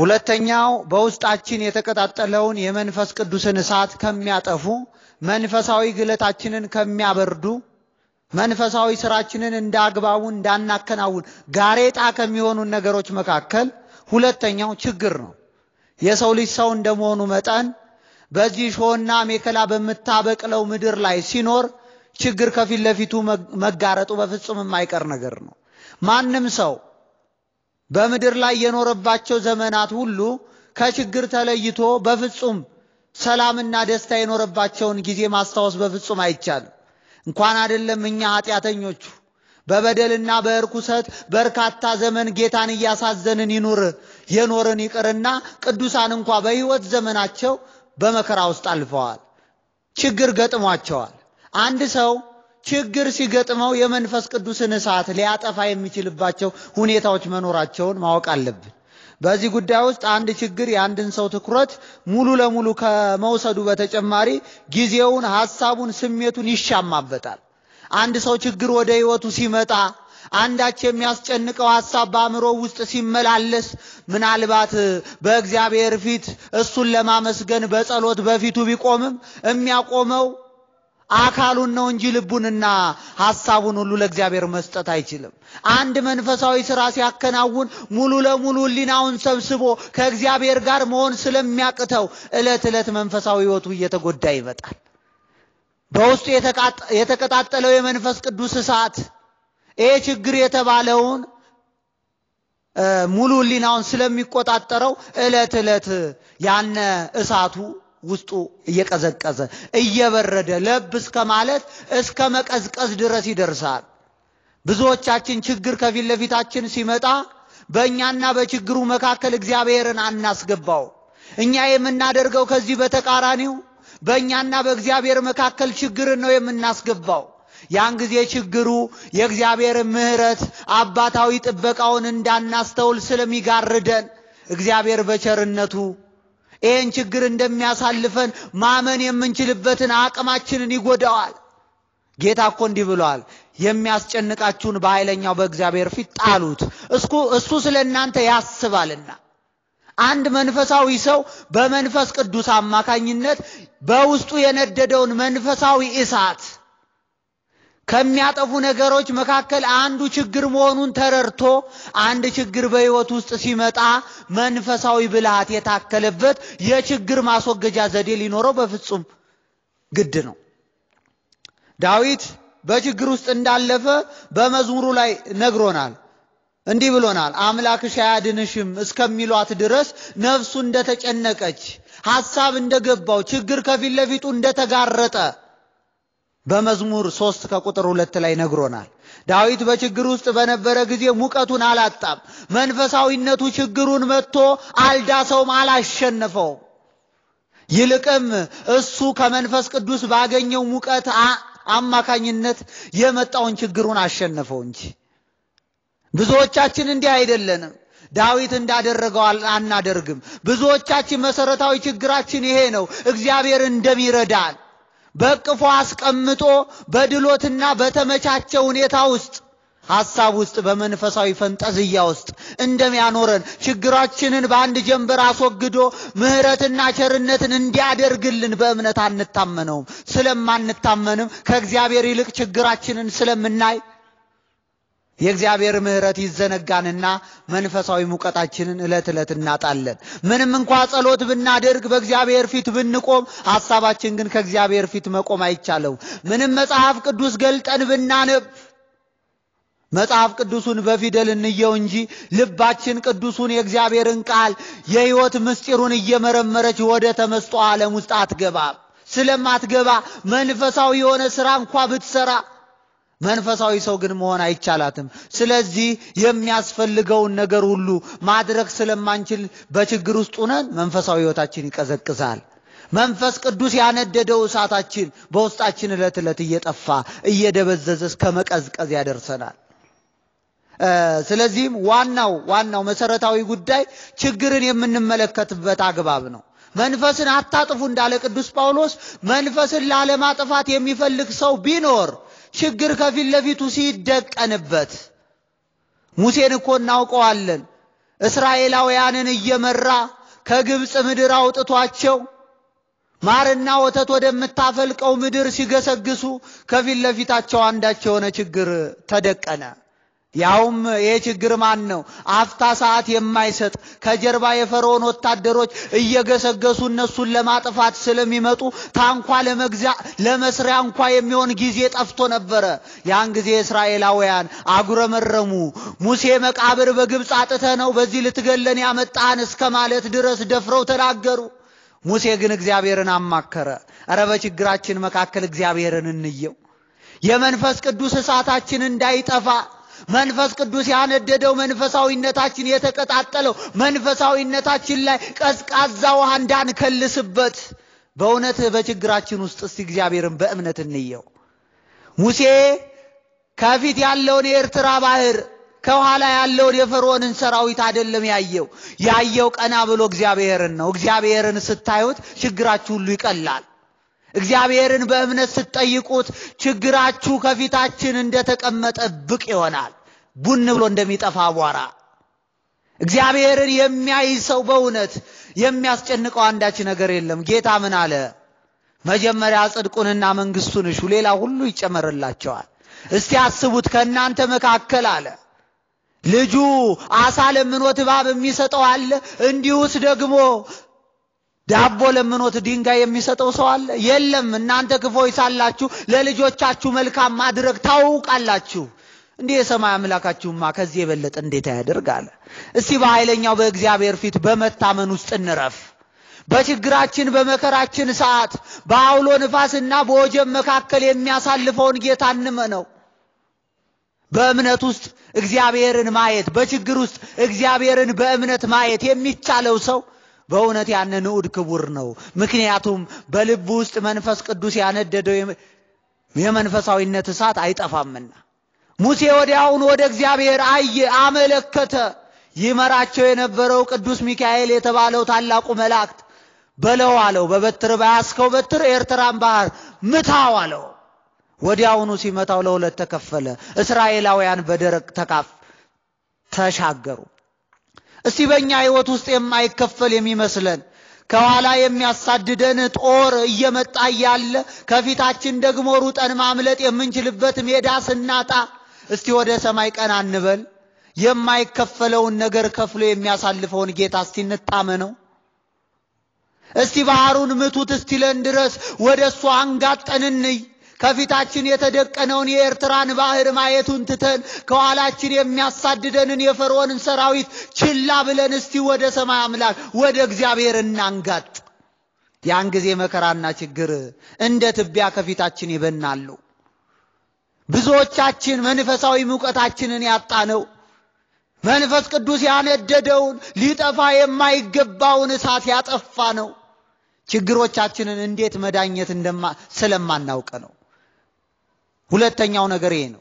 ሁለተኛው በውስጣችን የተቀጣጠለውን የመንፈስ ቅዱስን እሳት ከሚያጠፉ፣ መንፈሳዊ ግለታችንን ከሚያበርዱ፣ መንፈሳዊ ስራችንን እንዳግባቡ እንዳናከናውን ጋሬጣ ከሚሆኑን ነገሮች መካከል ሁለተኛው ችግር ነው። የሰው ልጅ ሰው እንደመሆኑ መጠን በዚህ ሾህና ሜከላ በምታበቅለው ምድር ላይ ሲኖር ችግር ከፊት ለፊቱ መጋረጡ በፍጹም የማይቀር ነገር ነው። ማንም ሰው በምድር ላይ የኖረባቸው ዘመናት ሁሉ ከችግር ተለይቶ በፍጹም ሰላምና ደስታ የኖረባቸውን ጊዜ ማስታወስ በፍጹም አይቻልም። እንኳን አይደለም እኛ ኃጢአተኞቹ በበደልና በእርኩሰት በርካታ ዘመን ጌታን እያሳዘንን ይኑር የኖርን ይቅርና ቅዱሳን እንኳ በሕይወት ዘመናቸው በመከራ ውስጥ አልፈዋል። ችግር ገጥሟቸዋል። አንድ ሰው ችግር ሲገጥመው የመንፈስ ቅዱስን እሳት ሊያጠፋ የሚችልባቸው ሁኔታዎች መኖራቸውን ማወቅ አለብን። በዚህ ጉዳይ ውስጥ አንድ ችግር የአንድን ሰው ትኩረት ሙሉ ለሙሉ ከመውሰዱ በተጨማሪ ጊዜውን፣ ሐሳቡን፣ ስሜቱን ይሻማበታል። አንድ ሰው ችግር ወደ ሕይወቱ ሲመጣ አንዳች የሚያስጨንቀው ሐሳብ በአእምሮ ውስጥ ሲመላለስ ምናልባት በእግዚአብሔር ፊት እሱን ለማመስገን በጸሎት በፊቱ ቢቆምም የሚያቆመው አካሉን ነው እንጂ ልቡንና ሐሳቡን ሁሉ ለእግዚአብሔር መስጠት አይችልም። አንድ መንፈሳዊ ሥራ ሲያከናውን ሙሉ ለሙሉ ሕሊናውን ሰብስቦ ከእግዚአብሔር ጋር መሆን ስለሚያቅተው ዕለት ዕለት መንፈሳዊ ሕይወቱ እየተጎዳ ይመጣል። በውስጡ የተቀጣጠለው የመንፈስ ቅዱስ እሳት ይሄ ችግር የተባለውን ሙሉ ሕሊናውን ስለሚቆጣጠረው ዕለት ዕለት ያነ እሳቱ ውስጡ እየቀዘቀዘ እየበረደ ለብ እስከ ማለት እስከ መቀዝቀዝ ድረስ ይደርሳል። ብዙዎቻችን ችግር ከፊት ለፊታችን ሲመጣ በእኛና በችግሩ መካከል እግዚአብሔርን አናስገባው። እኛ የምናደርገው ከዚህ በተቃራኒው በእኛና በእግዚአብሔር መካከል ችግርን ነው የምናስገባው። ያን ጊዜ ችግሩ የእግዚአብሔር ምሕረት አባታዊ ጥበቃውን እንዳናስተውል ስለሚጋርደን እግዚአብሔር በቸርነቱ ይህን ችግር እንደሚያሳልፈን ማመን የምንችልበትን አቅማችንን ይጎዳዋል። ጌታ እኮ እንዲህ ብለዋል፣ የሚያስጨንቃችሁን በኃይለኛው በእግዚአብሔር ፊት ጣሉት፣ እሱ ስለ እናንተ ያስባልና። አንድ መንፈሳዊ ሰው በመንፈስ ቅዱስ አማካኝነት በውስጡ የነደደውን መንፈሳዊ እሳት ከሚያጠፉ ነገሮች መካከል አንዱ ችግር መሆኑን ተረድቶ አንድ ችግር በሕይወት ውስጥ ሲመጣ መንፈሳዊ ብልሃት የታከለበት የችግር ማስወገጃ ዘዴ ሊኖረው በፍጹም ግድ ነው። ዳዊት በችግር ውስጥ እንዳለፈ በመዝሙሩ ላይ ነግሮናል። እንዲህ ብሎናል። አምላክሽ አያድንሽም እስከሚሏት ድረስ ነፍሱ እንደተጨነቀች፣ ሐሳብ እንደገባው፣ ችግር ከፊት ለፊቱ እንደተጋረጠ በመዝሙር ሶስት ከቁጥር ሁለት ላይ ነግሮናል። ዳዊት በችግር ውስጥ በነበረ ጊዜ ሙቀቱን አላጣም። መንፈሳዊነቱ ችግሩን መጥቶ አልዳሰውም፣ አላሸነፈውም። ይልቅም እሱ ከመንፈስ ቅዱስ ባገኘው ሙቀት አማካኝነት የመጣውን ችግሩን አሸነፈው እንጂ ብዙዎቻችን እንዲህ አይደለንም። ዳዊት እንዳደረገው አናደርግም። ብዙዎቻችን መሰረታዊ ችግራችን ይሄ ነው። እግዚአብሔር እንደሚረዳን በቅፎ አስቀምጦ በድሎትና በተመቻቸ ሁኔታ ውስጥ ሐሳብ ውስጥ በመንፈሳዊ ፈንጠዝያ ውስጥ እንደሚያኖረን ችግራችንን በአንድ ጀንበር አስወግዶ ምሕረትና ቸርነትን እንዲያደርግልን በእምነት አንታመነውም። ስለማንታመንም ከእግዚአብሔር ይልቅ ችግራችንን ስለምናይ የእግዚአብሔር ምሕረት ይዘነጋንና መንፈሳዊ ሙቀታችንን ዕለት ዕለት እናጣለን። ምንም እንኳ ጸሎት ብናደርግ በእግዚአብሔር ፊት ብንቆም፣ ሐሳባችን ግን ከእግዚአብሔር ፊት መቆም አይቻለው። ምንም መጽሐፍ ቅዱስ ገልጠን ብናነብ መጽሐፍ ቅዱሱን በፊደል እንየው እንጂ ልባችን ቅዱሱን የእግዚአብሔርን ቃል የሕይወት ምስጢሩን እየመረመረች ወደ ተመስጦ ዓለም ውስጥ አትገባም። ስለማትገባ መንፈሳዊ የሆነ ሥራ እንኳ ብትሠራ መንፈሳዊ ሰው ግን መሆን አይቻላትም። ስለዚህ የሚያስፈልገውን ነገር ሁሉ ማድረግ ስለማንችል በችግር ውስጥ ሆነን መንፈሳዊ ሕይወታችን ይቀዘቅዛል። መንፈስ ቅዱስ ያነደደው እሳታችን በውስጣችን ዕለት ዕለት እየጠፋ እየደበዘዘ እስከ መቀዝቀዝ ያደርሰናል። ስለዚህም ዋናው ዋናው መሰረታዊ ጉዳይ ችግርን የምንመለከትበት አግባብ ነው። መንፈስን አታጥፉ እንዳለ ቅዱስ ጳውሎስ መንፈስን ላለማጥፋት የሚፈልግ ሰው ቢኖር ችግር ከፊት ለፊቱ ሲደቀንበት ሙሴን እኮ እናውቀዋለን። እስራኤላውያንን እየመራ ከግብፅ ምድር አውጥቷቸው ማርና ወተት ወደምታፈልቀው ምድር ሲገሰግሱ ከፊት ለፊታቸው አንዳቸው የሆነ ችግር ተደቀነ። ያውም ይሄ ችግር ማን ነው? አፍታ ሰዓት የማይሰጥ ከጀርባ የፈርዖን ወታደሮች እየገሰገሱ እነሱን ለማጥፋት ስለሚመጡ ታንኳ ለመግዛ ለመስሪያ እንኳ የሚሆን ጊዜ ጠፍቶ ነበረ። ያን ጊዜ እስራኤላውያን አጉረመረሙ። ሙሴ መቃብር በግብፅ አጥተ ነው በዚህ ልትገለን ያመጣን እስከ ማለት ድረስ ደፍረው ተናገሩ። ሙሴ ግን እግዚአብሔርን አማከረ። እረ በችግራችን መካከል እግዚአብሔርን እንየው፣ የመንፈስ ቅዱስ እሳታችን እንዳይጠፋ መንፈስ ቅዱስ ያነደደው መንፈሳዊነታችን የተቀጣጠለው መንፈሳዊነታችን ላይ ቀዝቃዛ ውሃ እንዳንከልስበት በእውነት በችግራችን ውስጥ እስቲ እግዚአብሔርን በእምነት እንየው። ሙሴ ከፊት ያለውን የኤርትራ ባህር ከኋላ ያለውን የፈርዖንን ሰራዊት አይደለም ያየው። ያየው ቀና ብሎ እግዚአብሔርን ነው። እግዚአብሔርን ስታዩት ችግራችሁ ሁሉ ይቀላል። እግዚአብሔርን በእምነት ስትጠይቁት ችግራችሁ ከፊታችን እንደተቀመጠ ብቅ ይሆናል፣ ቡን ብሎ እንደሚጠፋ አቧራ። እግዚአብሔርን የሚያይ ሰው በእውነት የሚያስጨንቀው አንዳች ነገር የለም። ጌታ ምን አለ? መጀመሪያ ጽድቁንና መንግስቱን እሹ፣ ሌላ ሁሉ ይጨመርላቸዋል። እስቲ አስቡት ከእናንተ መካከል አለ ልጁ አሳ ለምኖት እባብ የሚሰጠው አለ? እንዲሁስ ደግሞ ዳቦ ለምኖት ድንጋይ የሚሰጠው ሰው አለ? የለም። እናንተ ክፎች ሳላችሁ ለልጆቻችሁ መልካም ማድረግ ታውቃላችሁ። እንዲህ የሰማይ አምላካችሁማ ከዚህ የበለጠ እንዴት ያደርግ አለ። እስቲ በኃይለኛው በእግዚአብሔር ፊት በመታመን ውስጥ እንረፍ። በችግራችን በመከራችን ሰዓት በአውሎ ንፋስና በወጀብ መካከል የሚያሳልፈውን ጌታ እንመነው። በእምነት ውስጥ እግዚአብሔርን ማየት፣ በችግር ውስጥ እግዚአብሔርን በእምነት ማየት የሚቻለው ሰው በእውነት ያን ንዑድ ክቡር ነው። ምክንያቱም በልብ ውስጥ መንፈስ ቅዱስ ያነደደው የመንፈሳዊነት እሳት አይጠፋምና። ሙሴ ወዲያውን ወደ እግዚአብሔር አየ፣ አመለከተ። ይመራቸው የነበረው ቅዱስ ሚካኤል የተባለው ታላቁ መላእክት በለው አለው። በበትር በያዝከው በትር ኤርትራን ባህር ምታው አለው። ወዲያውኑ ሲመታው ለሁለት ተከፈለ። እስራኤላውያን በደረቅ ተካፍ ተሻገሩ። እስቲ በእኛ ህይወት ውስጥ የማይከፈል የሚመስለን ከኋላ የሚያሳድደን ጦር እየመጣ እያለ ከፊታችን ደግሞ ሩጠን ማምለጥ የምንችልበት ሜዳ ስናጣ እስቲ ወደ ሰማይ ቀና እንበል። የማይከፈለውን ነገር ከፍሎ የሚያሳልፈውን ጌታ እስቲ እንታመነው። እስቲ ባህሩን ምቱት እስቲለን ድረስ ወደ እሱ አንጋጠን እንይ። ከፊታችን የተደቀነውን የኤርትራን ባህር ማየቱን ትተን ከኋላችን የሚያሳድደንን የፈርዖንን ሰራዊት ችላ ብለን እስቲ ወደ ሰማይ አምላክ ወደ እግዚአብሔር እናንጋጥ። ያን ጊዜ መከራና ችግር እንደ ትቢያ ከፊታችን ይበናሉ። ብዙዎቻችን መንፈሳዊ ሙቀታችንን ያጣነው መንፈስ ቅዱስ ያነደደውን ሊጠፋ የማይገባውን እሳት ያጠፋ ነው። ችግሮቻችንን እንዴት መዳኘት እንደማ ስለማናውቅ ነው። ሁለተኛው ነገር ይሄ ነው።